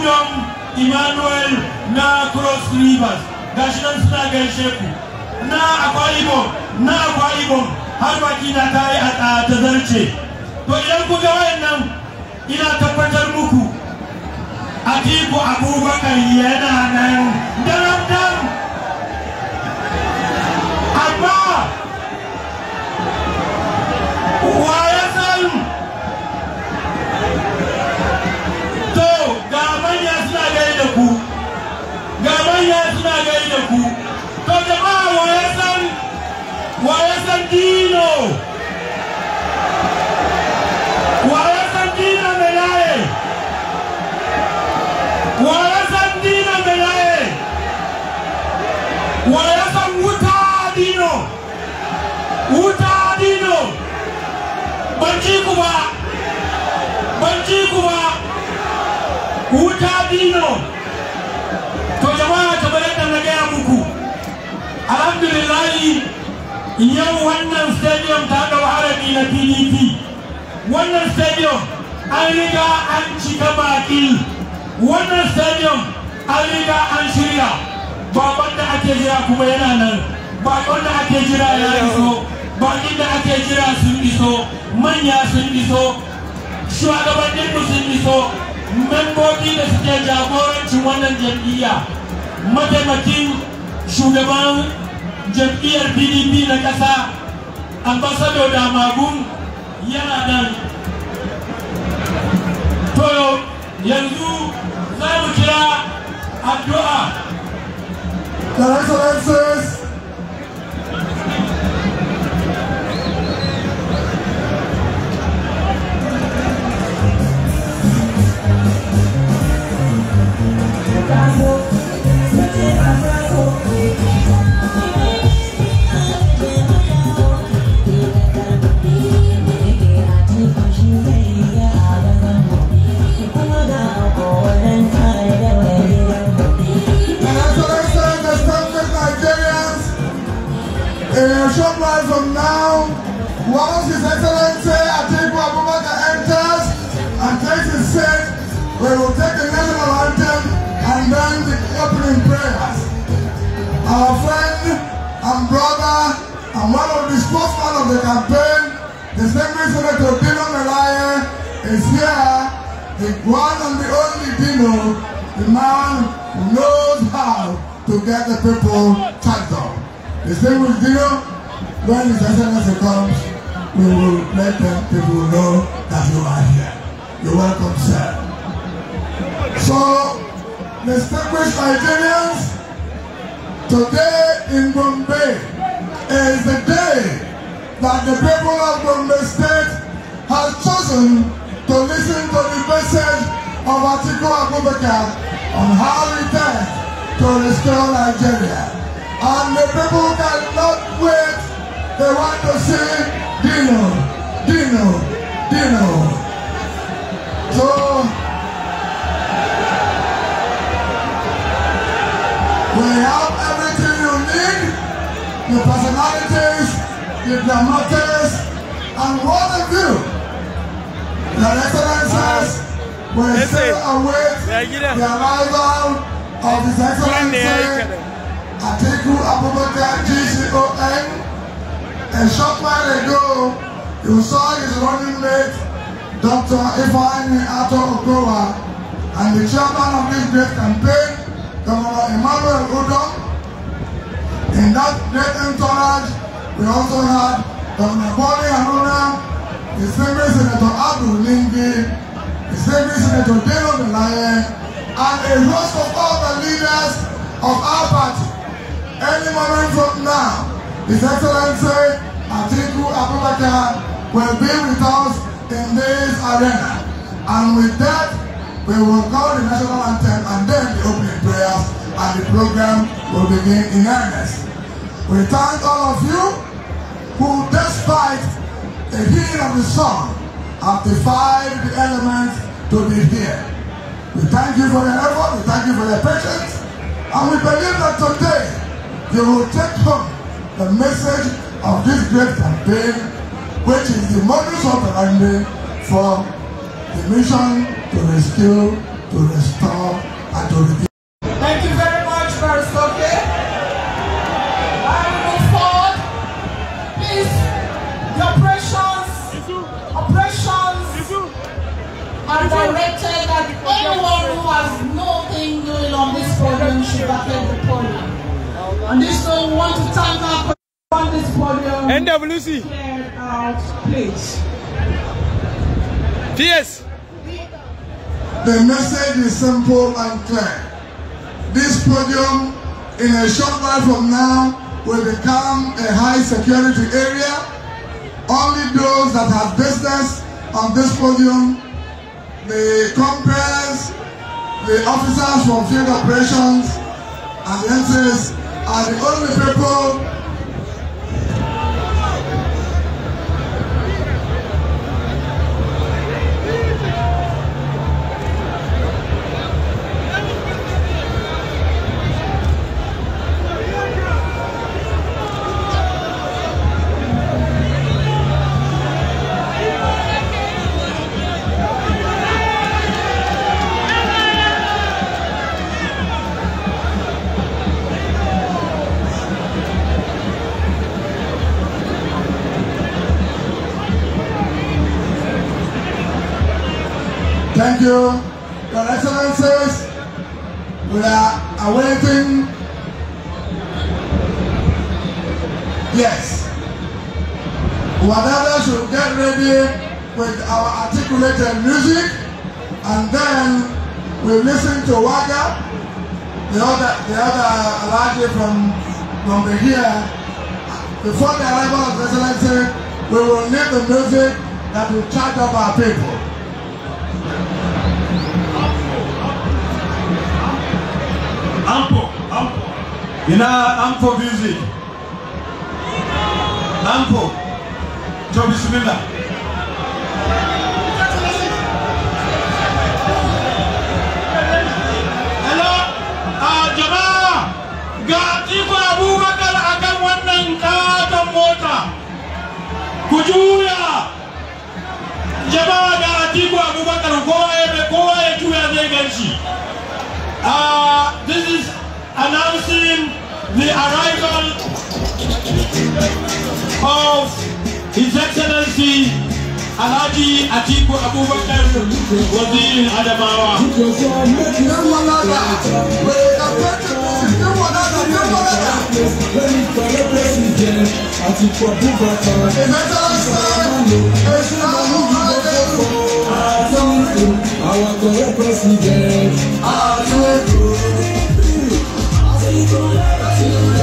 Udom Emmanuel na Cross Rivers gashi suna gaishe ku na Akwa Ibom na Akwa Ibom har baki na ta yi a tazarce to idan ku ga wayannan ina tabbatar muku Atiku Abubakar yana nan daram daram amma waweza ndino waweza ndino melaye waweza ndino melaye waweza ngutadino utadino banjikuba banjikuba utadino to jama'a ta bayyana na gaya muku alhamdulillahi yau wannan stadium ta ɗau harami na pdp wannan stadium an riga an cika baki wannan stadium an riga an shirya baban da ake jira kuma yana nan bakon da ake jira ya iso bakin da ake jira sun iso manya sun iso shugabanninmu sun iso membobi da suke jagorancin wannan jam'iyya mataimakin shugaban Jepir pdp na ƙasa ambasado da magun yana nan to yanzu za kira addu'a Their Excellencies, Bravo, short while from now, once His Excellency Atiku Abubakar enters and takes his seat, we will take the national anthem and then the opening prayers. Our friend and brother and one of the spokesmen of the campaign, the distinguished Senator Dino Melaya, is here, the one and the only Dino, the man who knows how to get the people charged up. Distinguished Dino, When the SMS comes, we will let the people know that you are here. You're welcome, sir. So, distinguished Nigerians, today in Bombay is the day that the people of Bombay State have chosen to listen to the message of Atiku Abubakar on how he dared to restore Nigeria. And the people cannot wait They want to see Dino, Dino, Dino. So, we have everything you need, the personalities, the dramatics, and what of you, your excellences, will still await the arrival of His Excellency Atiku Abubakar GCON. a short while ago, you saw his running mate, Dr. Ifeanyi Ato Okowa, and the chairman of this great campaign, Governor Emmanuel Udo. In that great entourage, we also had Governor Bori Haruna, Distinguished Senator Abdul Lingi, Distinguished Senator Dino Belaye, and a host of other leaders of our party. Any moment from now, His Excellency Atiku Abubakar will be with us in this arena. And with that, we will call the national anthem and then the opening prayers and the program will begin in earnest. We thank all of you who, despite the heat of the sun, have defied the elements to be here. We thank you for your effort, we thank you for your patience, and we believe that today you will take home the message of this great campaign, which is the modus operandi for the mission to rescue, to restore, and to redeem. Thank you very much, Baristoke. I look forward, please, the operations, operations are directed that anyone who has nothing doing on this podium should attend the podium. On this we want to thank our on this podium. NWC. Cleared out, please. PS. The message is simple and clear. This podium, in a short while from now, will become a high security area. Only those that have business on this podium, the compares, the officers from field operations, and the NCS I'm and the honorable people that will charge up our people. Ampo, ample. Ina ampo music. Ample. Jobi Sumila. Hello, uh, ah, jama'a ga Tifa Abubakar akan wannan katon mota. Ku juya! jama'a da Atiku Abubakar kowa ya mai ya tuya this is announcing the arrival of His Excellency Alhaji Atiku Abubakar Wazir Adamawa. Atiku Abubakar. Brasil, ao atual presidente. Ao atual presidente.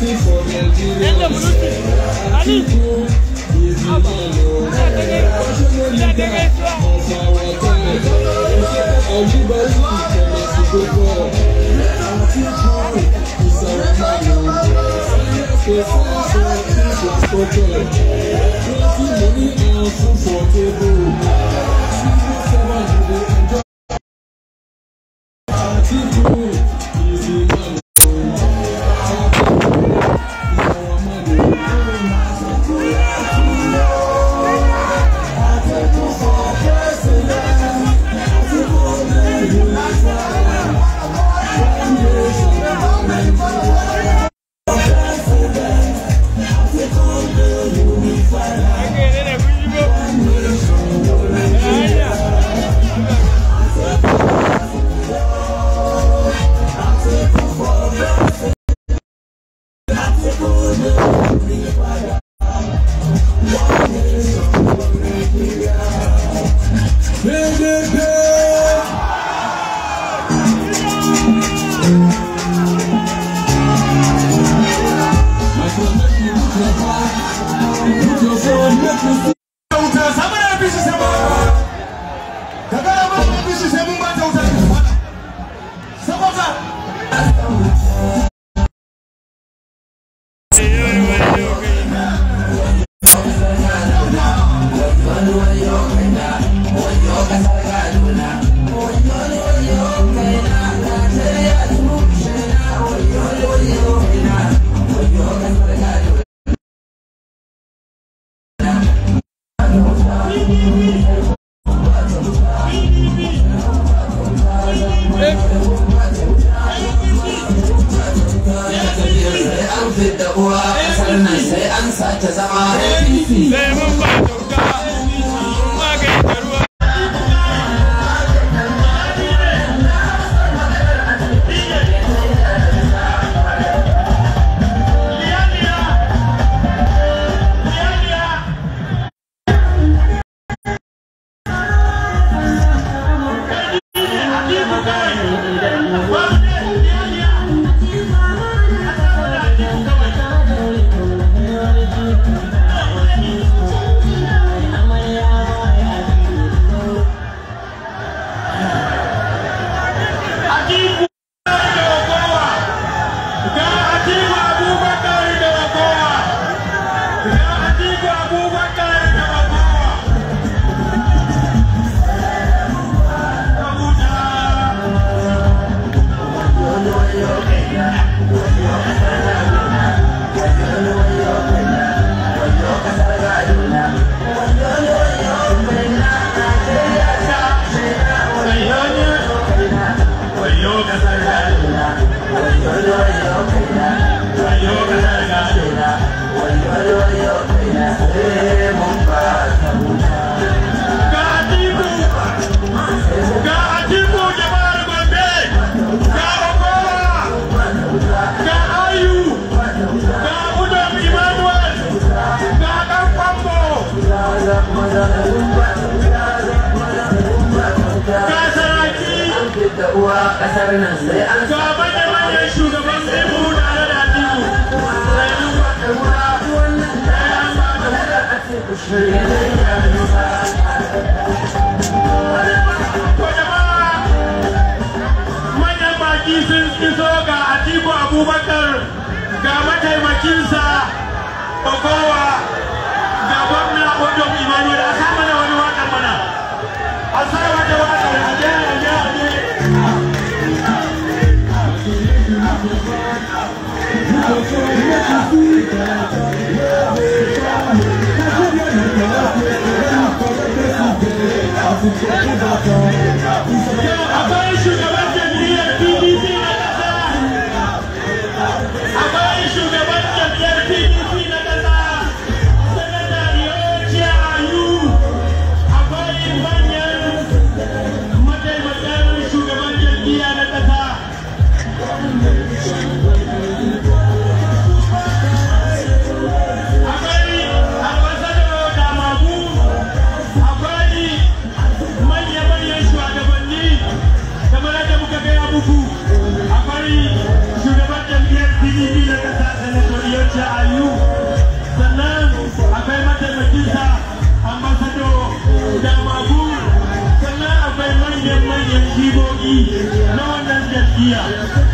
waiting for Plenty money and food for table. fidda uwa kasar nan sai an sace zama fifi mataimakinsa kokowa ga gwamna odom emmanuel a sa mana wani wakar mana a sa wata wakar a gyara gyara 啊。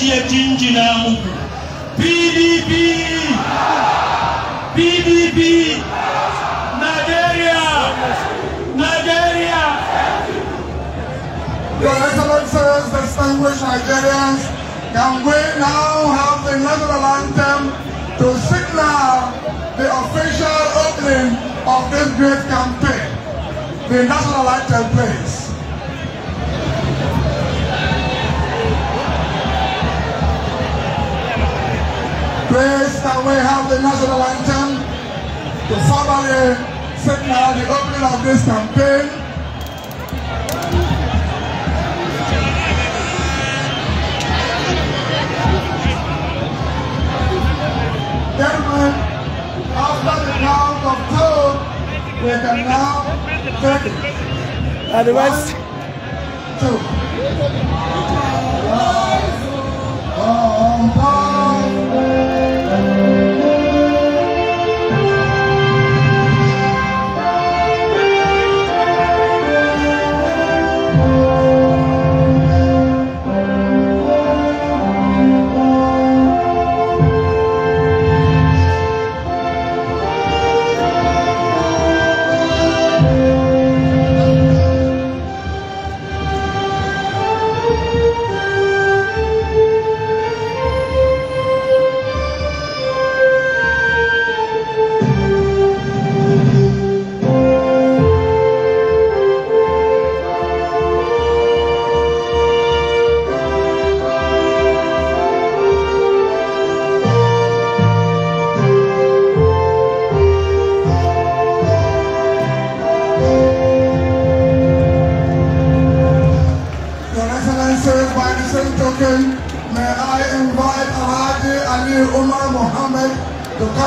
nake jinjina muku pdp pdp nigeria nigeria your excellencies distinguished nigerians can we now have the national anthem to signal the official opening of this great campaign the national anthem please place that we have the national anthem to formally signal the opening of this campaign. Gentlemen, after the count of two, we can now take it. And the rest. One, two. Oh, oh, oh.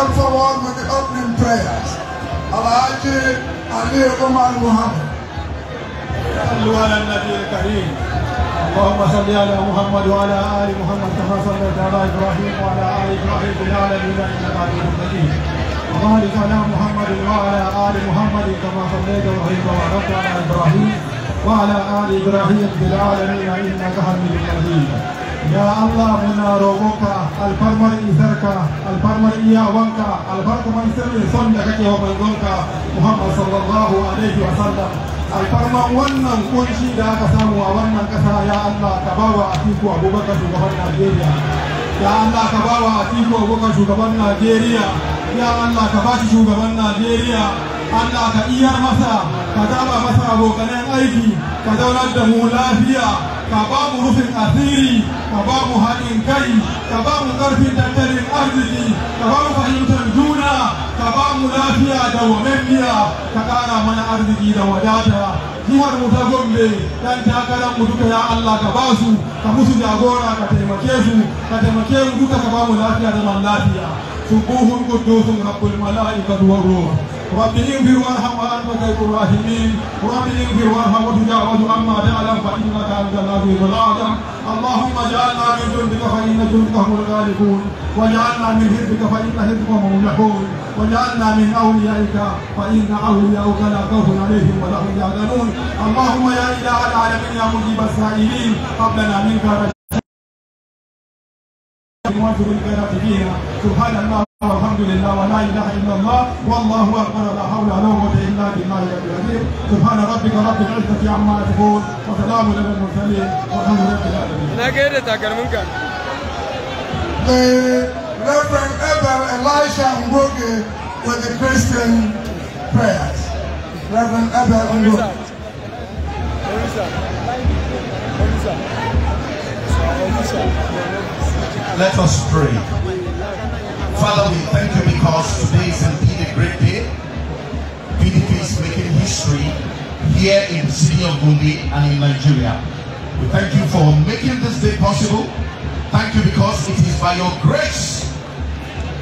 come forward with the opening prayers. Alhaji Ali Omar Muhammad. صلوا على النبي الكريم اللهم صل على محمد وعلى ال محمد كما صليت على ابراهيم وعلى ال ابراهيم في العالمين انك حميد مجيد وبارك على محمد وعلى ال محمد كما صليت وبارك وباركت على ابراهيم وعلى ال ابراهيم في العالمين انك حميد مجيد يا الله منا روقك الفرمر إيسرك الفرمر إياوانك البركة من سر صلك ومنزلك محمد صلى الله عليه وسلم alfarman wannan kunshi da aka samu a wannan kasa ya Allah ka ba wa Atiku Abubakar shugaban Najeriya ya Allah ka ba wa Atiku Abubakar shugaban Najeriya ya Allah ka ba shi shugaban Najeriya Allah ka iyar masa ka zaba masa abokanen aiki ka zaunar da mu lafiya ka ba rufin asiri ka ba mu kai ka ba mu ƙarfin tattalin arziki ka ba fahimtar juna ka ba lafiya da wamemmiya ka ƙara mana arziki da wadata jihar mu ta gombe dan takarar mu duka ya Allah ka basu su ka musu jagora ka taimake su ka taimake mu duka ka bamu lafiya da man lafiya subuhun qudusun rabbul mala'ikatu war ruh رب اغفر وارحم وانت خير الراحمين رب اغفر وارحم وتجاوز عما تعلم فانك انت العزيز الاعظم اللهم اجعلنا من جندك فان جندك هم الغالبون واجعلنا من حزبك فان حزبك هم المفلحون واجعلنا من اوليائك فان اولياؤك لا خوف عليهم ولا هم يحزنون اللهم يا اله العالمين يا مجيب السائلين قبلنا منك يواجه الغيرة فيها سبحان الله والحمد لله ولا اله الا الله والله اكبر لا حول ولا قوه الا بالله العلي العظيم سبحان ربك رب العزه عما يصفون وسلام على المرسلين والحمد لله رب العالمين. لا غير قاعد اتاكل The Reverend Ever Elisha Mbuki with the Christian prayers. Reverend Ever Mbuki. Thank you. Let us pray. Father, we thank you because today is indeed a great day. PDP is making history here in the city of Gombe and in Nigeria. We thank you for making this day possible. Thank you because it is by your grace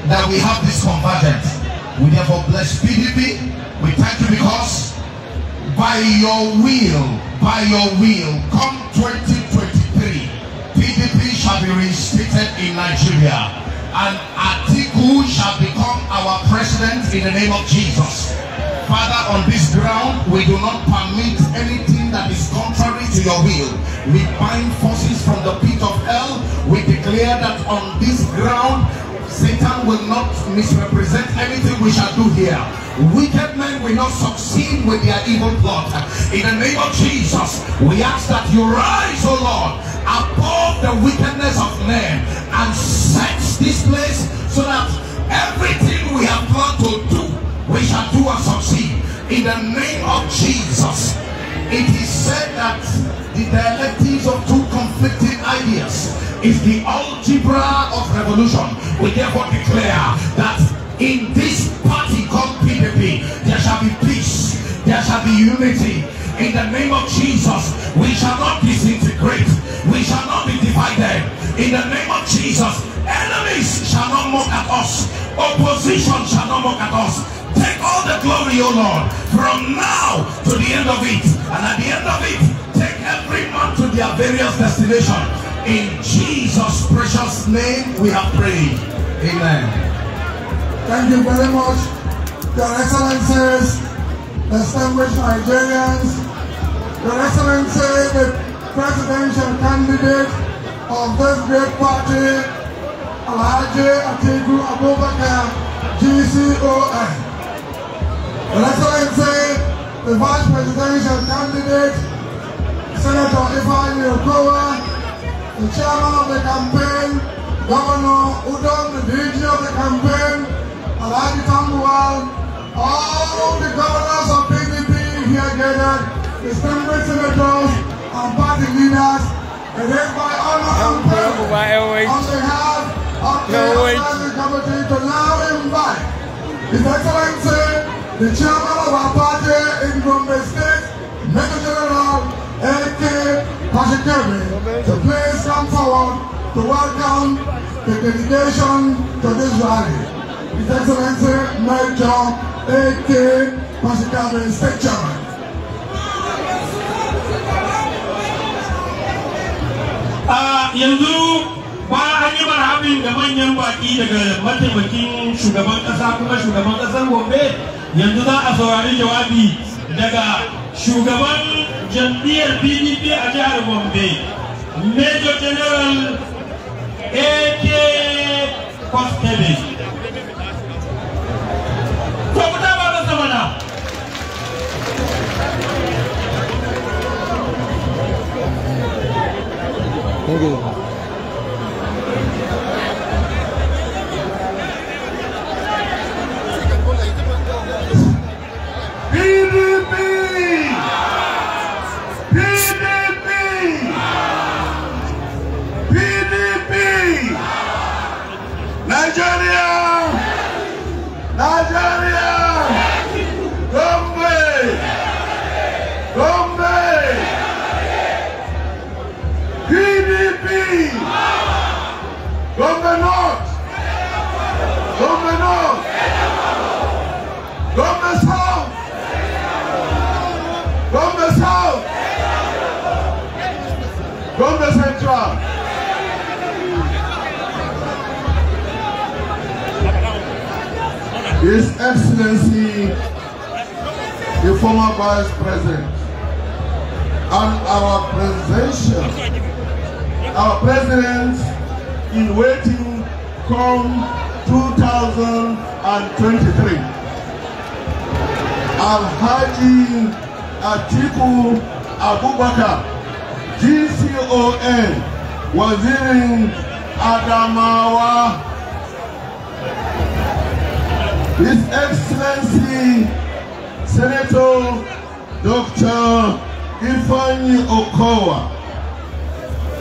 that we have this convergence. We therefore bless PDP. We thank you because by your will, by your will, come 2020. PDP shall be reinstated in Nigeria and Atiku shall become our president in the name of Jesus. Father, on this ground, we do not permit anything that is contrary to your will. We bind forces from the pit of hell. We declare that on this ground, Satan will not misrepresent anything we shall do here. Wicked men will not succeed with their evil plot. In the name of Jesus, we ask that you rise, O Lord, above the wickedness of men and sets this place so that everything we have planned to do, we shall do and succeed. In the name of Jesus, it is said that the dialectics of two conflicting ideas is the algebra of revolution. We therefore declare that in this party called PPP, there shall be peace, there shall be unity, in the name of Jesus, we shall not disintegrate. We shall not be divided. In the name of Jesus, enemies shall not mock at us. Opposition shall not mock at us. Take all the glory, O Lord, from now to the end of it. And at the end of it, take every man to their various destination. In Jesus' precious name, we have prayed. Amen. Thank you very much, Your Excellencies distinguished Nigerians, Your Excellency, the presidential candidate of this great party, Alhaji Atiku Abubakar, GCON. Your Excellency, the vice presidential candidate, Senator Ifeanyi Okowa, the chairman of the campaign, Governor Udom, the DG of the campaign, Alhaji Tambuwal, all the governors of PDP here gathered, the distinguished senators and party leaders, and thereby honor and praise on behalf of the Advisory Committee to now invite His Excellency, the Chairman of our party in Gombe State, Major General A.K. Pashikemi, to please come forward to welcome the delegation to this rally. His Excellency Major 18 parce qu'avec St. A yanzu ba an yi marhabin da manyan baki daga mataimakin shugaban kasa kuma shugaban kasar Gombe yanzu za a saurari jawabi daga shugaban jam'iyyar PDP a jihar Gombe Major General AK Kostebe. ko mu ta baban sa Thank you. victoire. His Excellency, the former Vice President, and our presidential, our President in waiting come 2023, Al-Haji Atiku Abubakar, GC VOA Waziri Adamawa His Excellency Senator Dr. Ifeanyi Okowa,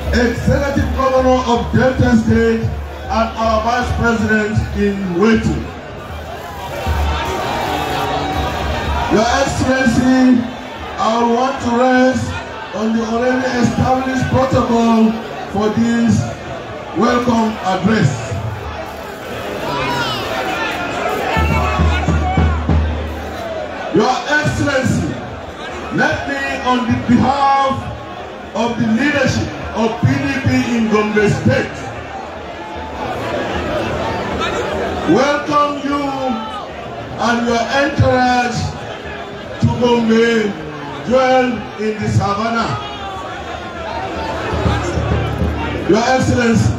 Executive Governor of Delta State and our Vice President in waiting. Your Excellency, I want to raise on the already established protocol for this welcome address. Your Excellency, let me on the behalf of the leadership of PDP in Gombe State welcome you and your entourage to Gombe dwell in the savannah. Your Excellency,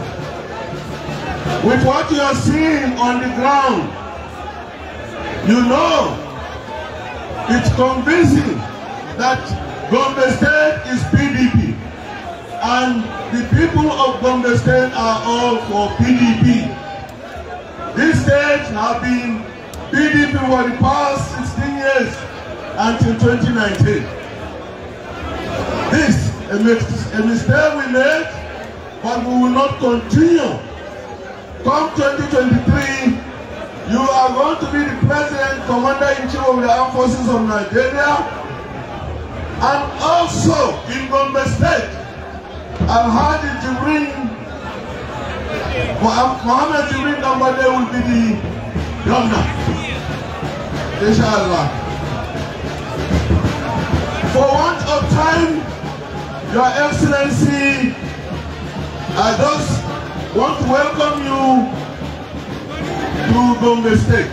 with what you are seeing on the ground, you know it's convincing that Gombe State is PDP and the people of Gombe State are all for PDP. This state has been PDP for the past 16 years until 2019. This, a, a mistake we made, but we will not continue. Come 2023, you are going to be the President, Commander-in-Chief of the Armed Forces of Nigeria, and also in Gombe State. I've heard it to bring Mohammed Jibril Gambade will be the governor. Inshallah. For want of time, Your Excellency, I just want to welcome you to Gombe State.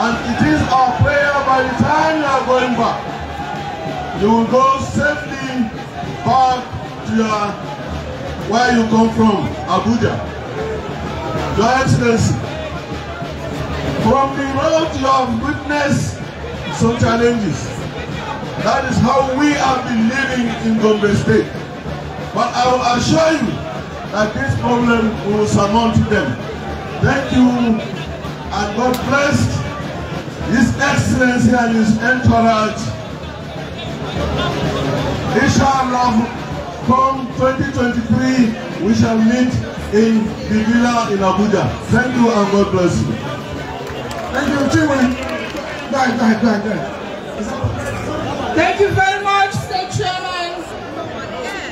And it is our prayer by the time you are going back, you will go safely back to your, where you come from, Abuja. Your Excellency, from the road you have witnessed some challenges. That is how we have been living in Gombe State. But I will assure you that this problem will surmount them. Thank you and God bless His Excellency and His entourage. Inshallah, come 2023, we shall meet in the villa in Abuja. Thank you and God bless you. Thank you, Chiwe. Right, right, right, right. Thank you very much, State Chairman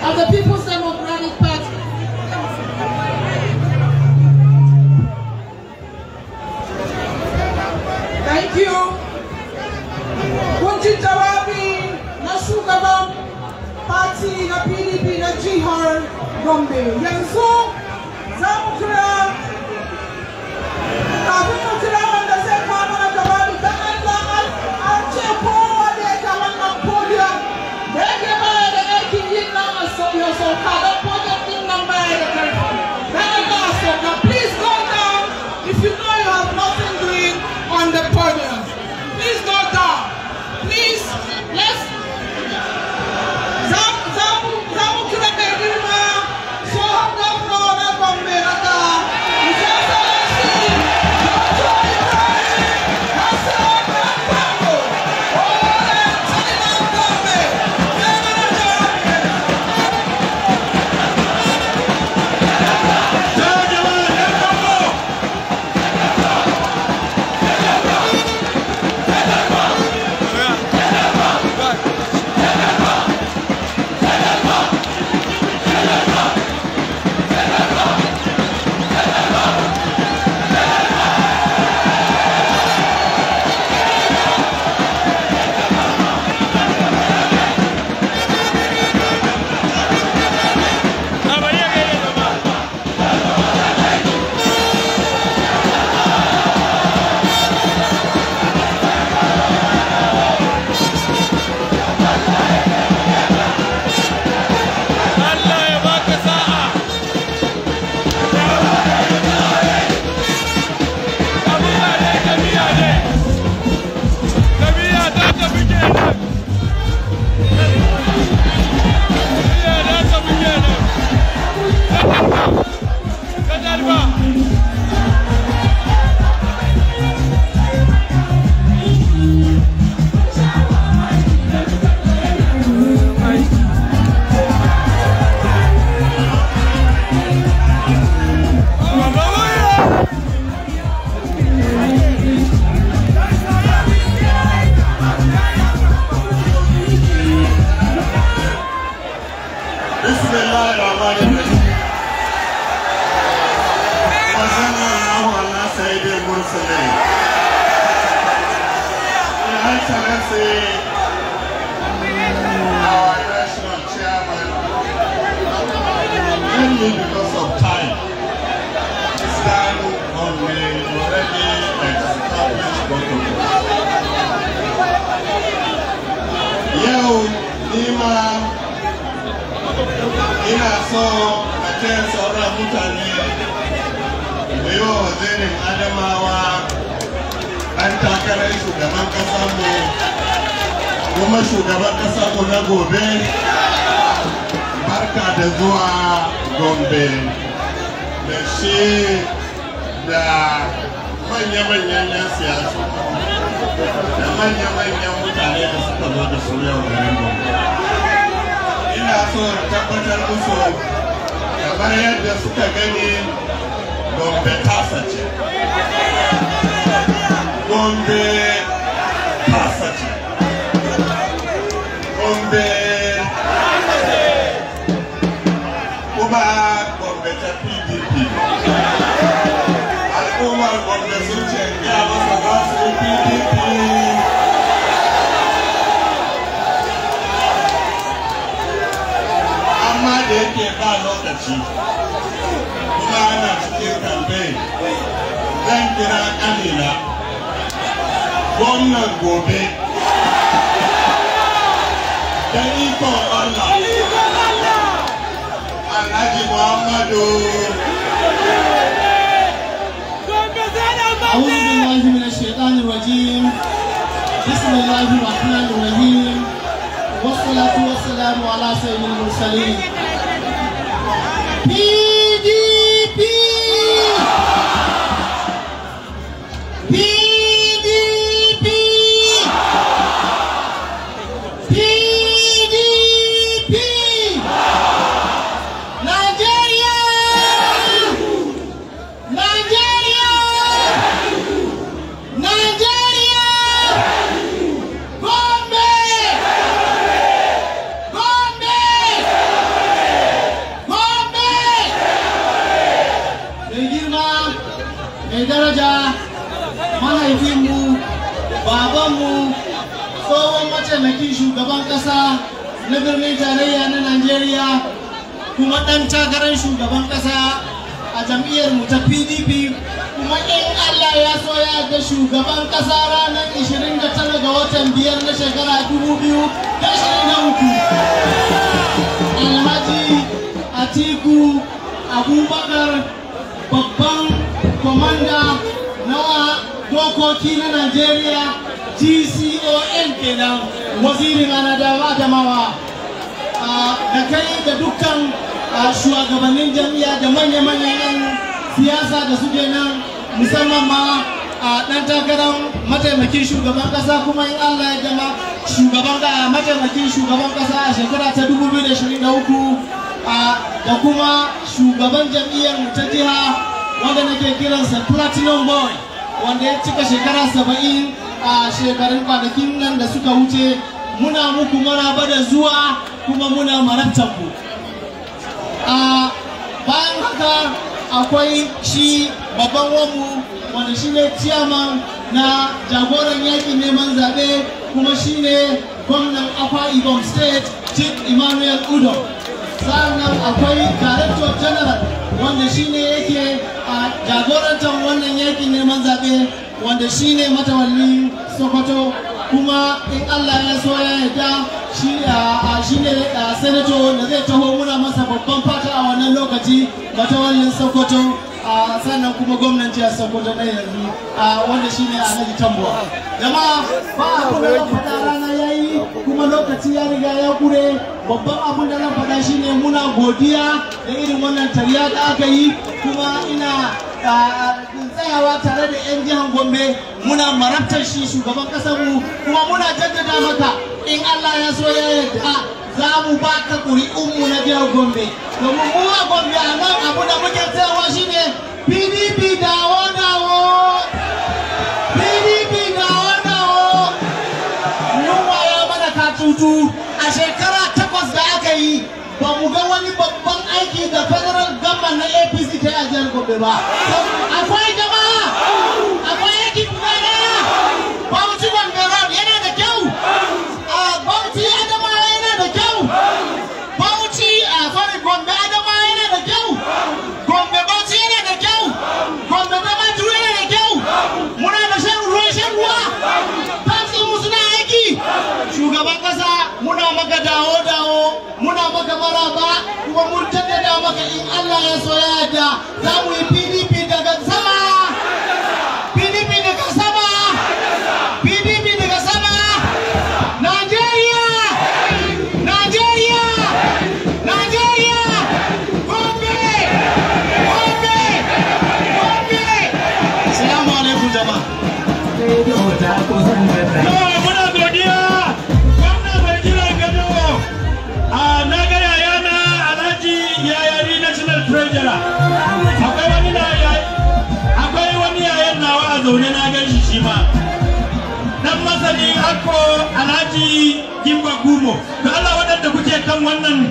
of the People's Democratic Party. Thank you. Kunji Jawabi, na party na PDP na jihar Gombe. Yanzu za mu so a taya sauran mutane mu yi wa wazirin adamawa an takarar shugaban mu kuma shugaban mu na gobe barka da zuwa gombe da shi da manya-manyan 'yan siyasa da manya-manyan mutane da suka zo da su yau garin gombe ina so tabbatar musu kamar yadda suka gani gombe tasa ce gombe tasa ce gombe kuma gombe ta pdp al'ummar gombe sun ce ya masa nasu pdp dama da yake ba lokaci kuma ana cikin campaign zan kira kanina gwamnan gobe da ikon Allah Alhaji Muhammadu أعوذ بالله من الشيطان الرجيم بسم الله الرحمن الرحيم والصلاة والسلام على سيد المرسلين na birnin tarayya na Najeriya kuma ɗan takarar shugaban ƙasa a jam'iyyar mu ta PDP kuma in Allah ya so ya ga shugaban ƙasa ranar 29 ga watan biyar na shekara 2023 Alhaji Atiku Abubakar babban komanda na dokoki na Najeriya GCON kenan. wazirin ana dama da kai da dukkan shugabannin jami'a da manya-manyan yan siyasa da suke nan musamman ma a ɗan takarar mataimakin shugaban ƙasa kuma in Allah ya gama shugaban da mataimakin shugaban ƙasa a shekara ta 2023 da kuma shugaban jam'iyyar ta jiha wanda nake kiransa platinum boy wanda ya cika shekara 70 a shekarun kwanakin nan da suka wuce muna muku maraba da zuwa kuma muna marabtan ku a bayan haka akwai shi babban wamu wanda shi ne chairman na jagoran yakin neman zaɓe kuma shi ne gwamnan akwa ibom state chief emmanuel udo sannan akwai director general wanda shi ne yake a jagorantar wannan yakin neman zaɓe wanda shi ne matawallin sokoto kuma in Allah ya so ya yarda shi a shi ne sanato da zai taho muna masa babban fata a wannan lokaci wannan Sokoto a sannan kuma gwamnan jihar Sokoto na yanzu wanda shi ne Alhaji Tambuwa jama'a ba a kuma kuma lokaci ya riga ya kure babban abin da na faɗa shine muna godiya da irin wannan tarya da aka yi kuma ina tsayawa tare da 'yan jihar gombe muna marabtar shi shugaban kasar mu kuma muna jaddada maka in allah ya so ya yarda za mu ba ka ƙuri'unmu na jihar gombe domin mu a gombe a nan abu da muke tsayawa shine pdp dawo dawo hutu a shekara takwas da aka yi ba mu ga wani babban aiki da federal gama na apc ta yi a jihar gobe ba maka dawo dawo muna maka maraba kuma mun jaddada maka in Allah ya so ya yarda za mu yi PDP daga Alhaji Gimba Gumo da Allah waɗanda kuke kan wannan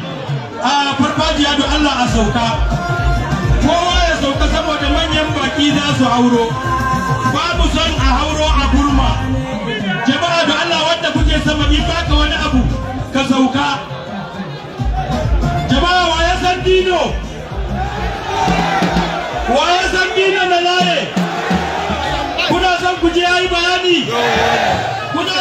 a farfajiya da Allah a sauka kowa ya sauka saboda manyan baki za su hauro babu son a hauro a gurma jama'a da Allah wanda kuke sama in baka wani abu ka sauka jama'a wa ya san dino wa ya san dino na laye kuna son ku je yayi bayani yeah.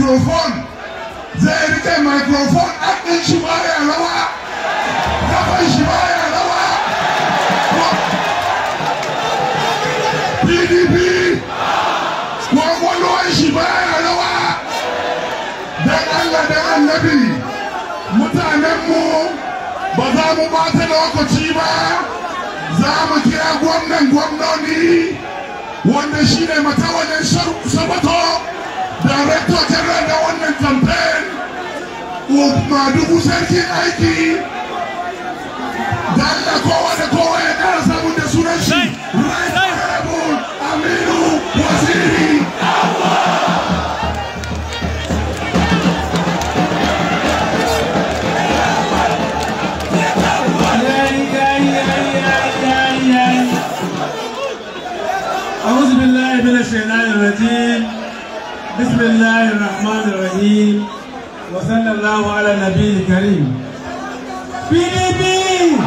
microphone zai rike microphone ɗin shi ya rawa kafan shi ya rawa pdp kwakwalwar shi ya rawa don allah da annabi mutanenmu ba za mu bata lokaci ba za mu kira gwamnan gwamnoni wanda shi ne matawajen sabato director general na wannan campaign madugu sarkin aiki da Allah kowa da kowa ya kara samun da sunan shi بسم الله الرحمن الرحيم وصلى الله على النبي الكريم بي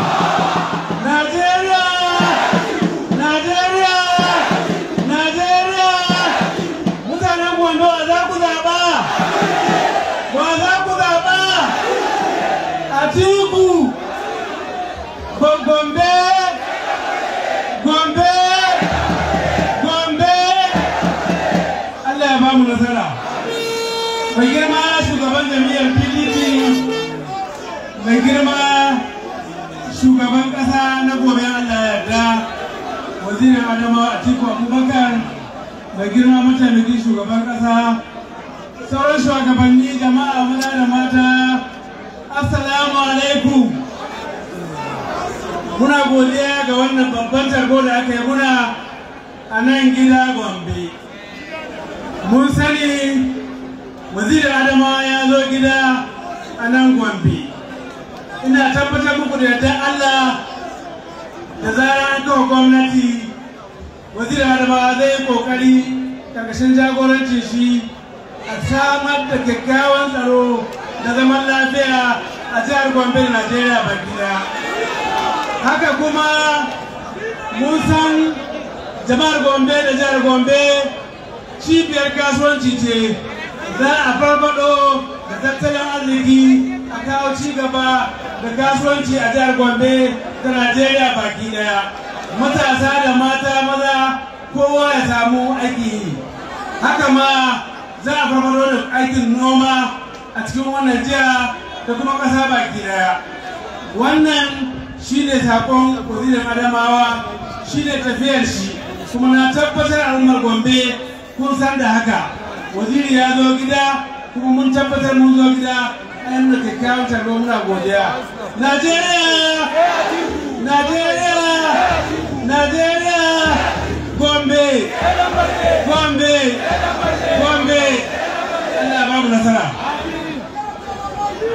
na gobe Allah ya yarda wazirin Adama Atiku Abubakar da girma mataimakin shugaban kasa sauran shugabanni jama'a maza da mata assalamu alaikum muna godiya ga wannan babban tarbo da aka yi muna a nan gida gombe mun sani wazirin adama ya zo gida a nan gombe ina tabbatar muku da allah da zarar kawo gwamnati waziri adama zai yi kokari karkashin jagorancin shi a samar da kyakkyawan tsaro da zaman lafiya a jihar gombe da najeriya baki haka kuma mun jama'ar gombe da jihar gombe cibiyar kasuwanci ce za a farfado da tattalin arziki a kawo ci gaba da kasuwanci a jihar Gombe da Najeriya baki daya. Matasa da mata maza kowa ya samu aiki yi. Haka ma za a farfado da aikin noma a cikin wannan jiha da kuma ƙasa baki daya. Wannan shi ne sakon wazirin Adamawa shi ne tafiyar shi kuma na tabbatar al'ummar Gombe kun san da haka. Waziri ya zo gida kuma mun tabbatar mun zo gida And the counter from Nigeria, Nigeria, Nigeria, najeriya najeriya gombe gombe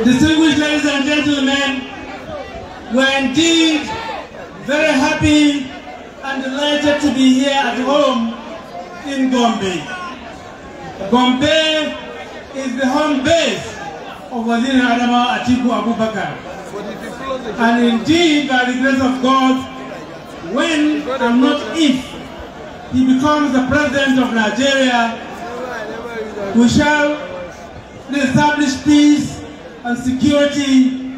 distinguished ladies and gentlemen we are indeed very happy and delighted to be here at home in Gombe. Gombe is the home base of Wazir Adama Atiku Abubakar. And indeed, by the grace of God, when and not if he becomes the president of Nigeria, we shall establish peace and security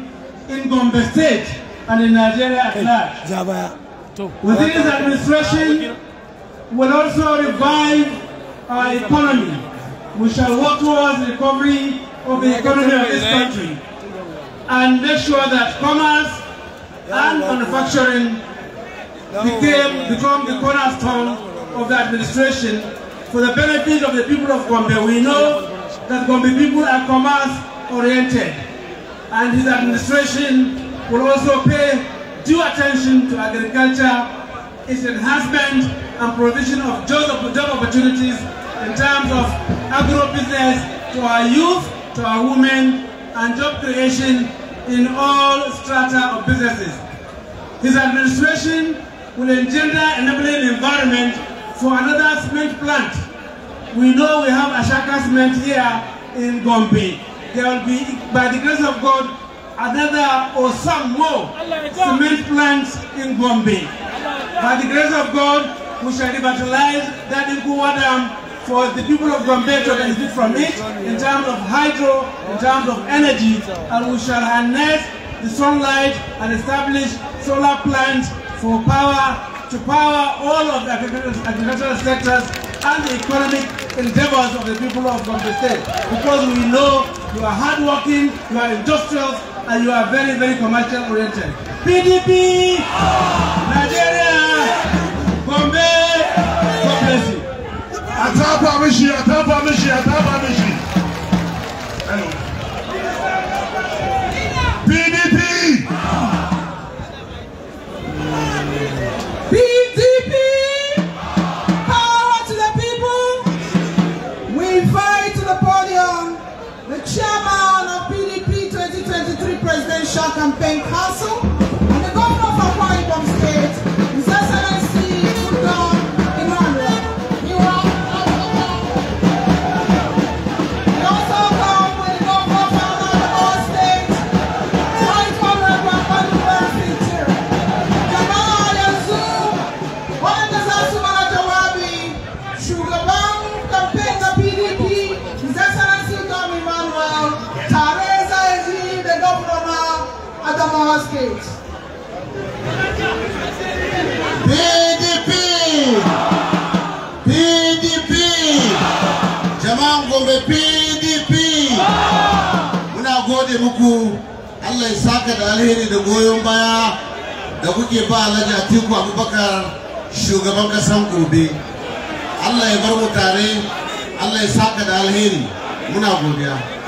in Gombe State and in Nigeria at large. Within his administration, will also revive our economy. We shall work towards recovery of the economy of this country and make sure that commerce and manufacturing became, become the cornerstone of the administration for the benefit of the people of Gombe. We know that Gombe people are commerce oriented and his administration will also pay due attention to agriculture, its enhancement and provision of job opportunities in terms of agro-business to our youth to our women and job creation in all strata of businesses. His administration will engender enabling environment for another cement plant. We know we have Ashaka Cement here in Gombe. There will be, by the grace of God, another or some more cement plants in Gombe. By the grace of God, we shall revitalize that in Dam for the people of Gombe to benefit from it in terms of hydro, in terms of energy, and we shall harness the sunlight and establish solar plants for power to power all of the agricultural sectors and the economic endeavors of the people of Gombe State because we know you are hardworking, you are industrious, and you are very, very commercial oriented. PDP! Nigeria! Atafa mishi, atafa mishi, atafa mishi. PDP. PDP. Power to the people. We invite to the podium the chairman of PDP 2023 Presidential Campaign Council. Adamawa PDP! PDP! Jama'an Gombe PDP! Muna gode muku Allah ya saka da alheri da goyon baya da kuke ba Alhaji Atiku Abubakar shugaban kasan gobe. Allah ya bar mu tare, Allah ya saka da alheri. Muna godiya.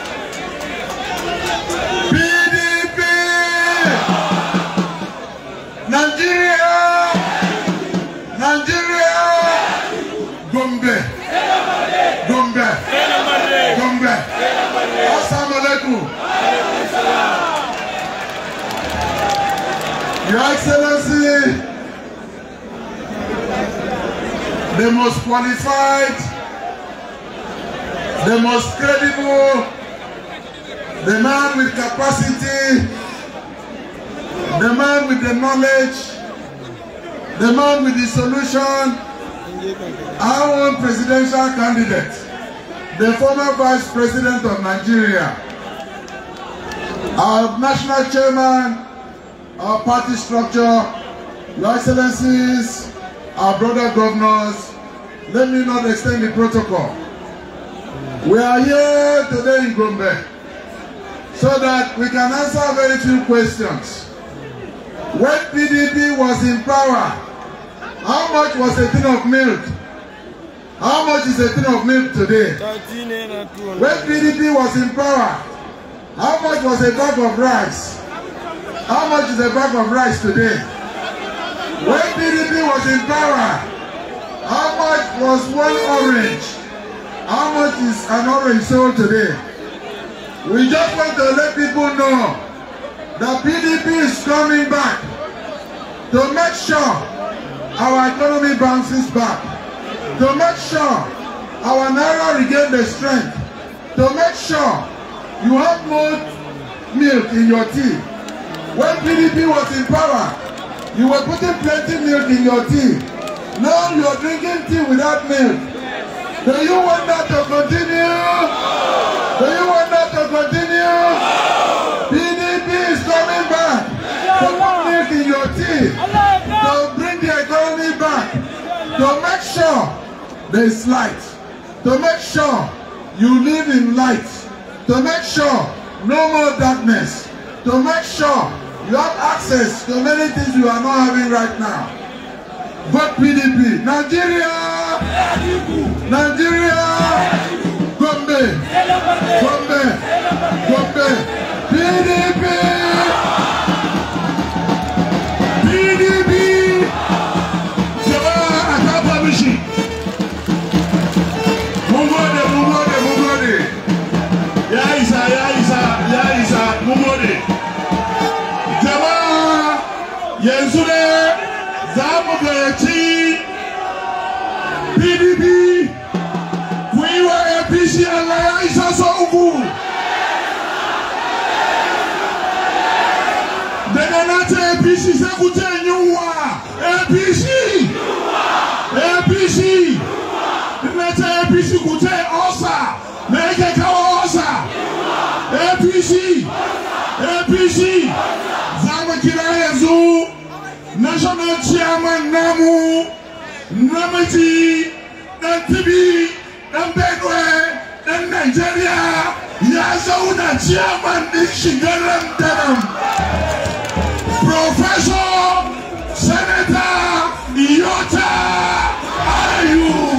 Your Excellency, the most qualified, the most credible, the man with capacity, the man with the knowledge, the man with the solution, our own presidential candidate, the former vice president of Nigeria, our national chairman, our party structure, Your Excellencies, our brother governors, let me not extend the protocol. We are here today in Gombe so that we can answer very few questions. When PDP was in power, how much was a tin of milk? How much is a tin of milk today? When PDP was in power, how much was a bag of rice? How much is a bag of rice today? When PDP was in power, how much was one orange? How much is an orange sold today? We just want to let people know that PDP is coming back to make sure our economy bounces back, to make sure our naira regain the strength, to make sure you have more milk in your tea When PDP was in power, you were putting plenty milk in your tea. Now you are drinking tea without milk. Do you want that to continue? Do you want that to continue? PDP is coming back to put milk in your tea, to bring the economy back, to make sure there is light, to make sure you live in light, to make sure no more darkness, to make sure You have access to many things you are not having right now. Vote PDP. Nigeria! Nigeria! Gombe! Gombe! Gombe! PDP! PDP! Jọba Akabamishi. Aisha so uku daga na ce APC sai ku ce yunwa APC APC na ce APC ku ce osa me yake kawo osa APC APC za mu kira yanzu national chairman namu namiji dan tibi dan In Nigeria, ya zauna ciyaman ɗin shigar rantaran. Professor Senator Iyota Ayu.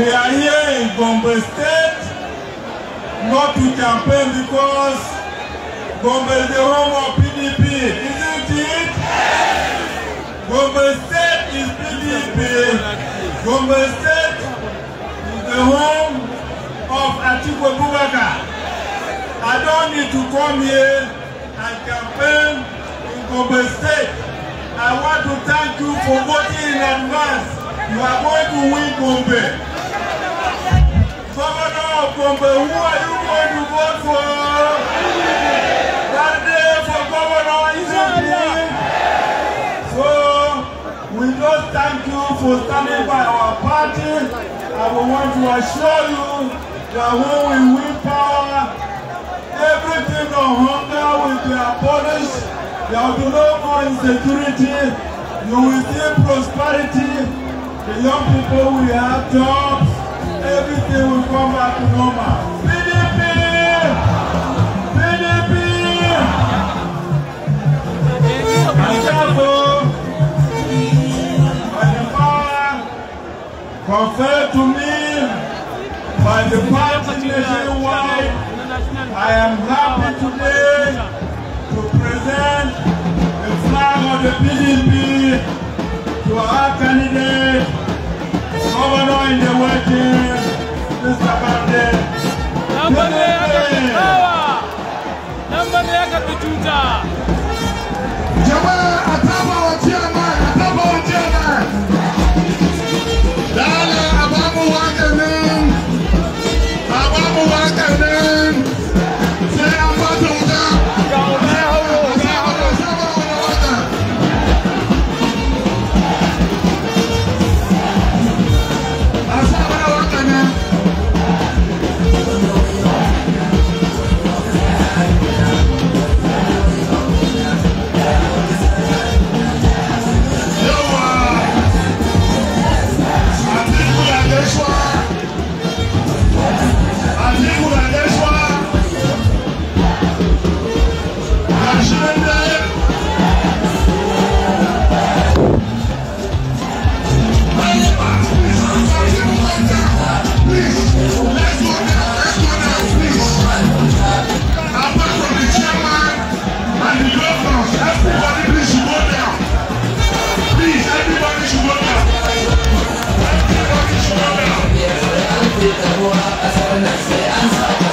We are here in Gombe State not to campaign because Gombe is the home of PDP, isn't it? Yes. Gombe State is PDP. Gombe State is the home of Atiku Abubakar. I don't need to come here and campaign in Gombe State. I want to thank you for voting in advance. You are going to win Gombe. Gombe, who are you going to vote for? That day for Governor Isabel. So, we just thank you for standing by our party. And we want to assure you that when we win power, everything on hunger will be abolished. There will be no more insecurity. You will see prosperity. The young people will have jobs everything will come back to normal. PDP! PDP! Ajago, by the power conferred to me by the party nationwide, I am happy today to present the flag of the PDP to our candidate, governor in the working. da jama'a ta ko a ƙasar nan sai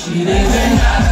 she lives in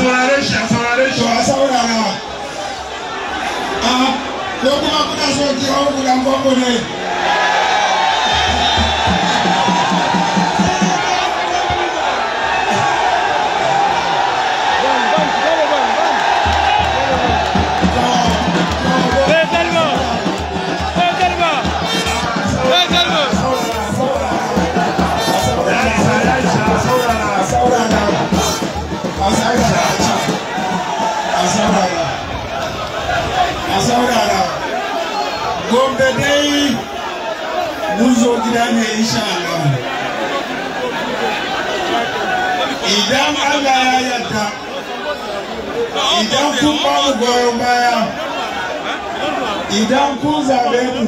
saurare shi a saurare shi a saurara a ah, ko kuma kuna so ki gudan gwamgo gida ne insha Allah idan Allah ya yarda idan kun ba mu goyon baya idan kun zabe mu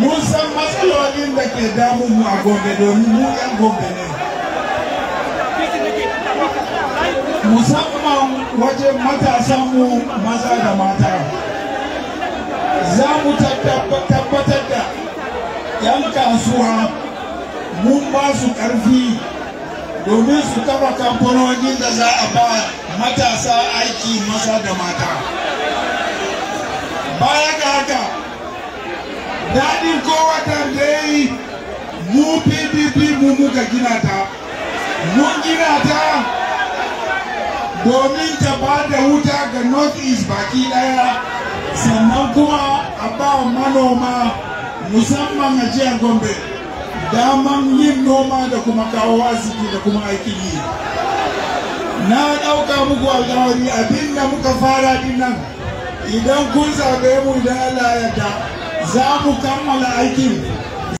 mun san matsalolin da ke damun mu a gobe domin mu yan gobe ne musamman wajen matasanmu maza da mata za mu tabbatar yan kasuwa mun ba su ƙarfi domin su kafa kamfanonin da za a ba matasa aiki maza da mata baya ga haka daɗin kowatan da ya yi mu pdp mu muka gina ta mun gina ta domin ta ba da wuta ga north east baki ɗaya sannan kuma a ba manoma musamman a jihar gombe daman yin noma da kuma kawo arziki da kuma aikin yi na ɗauka muku alkawari abin da muka fara din nan idan kun zabe mu idan allah ya ta za mu kammala aikin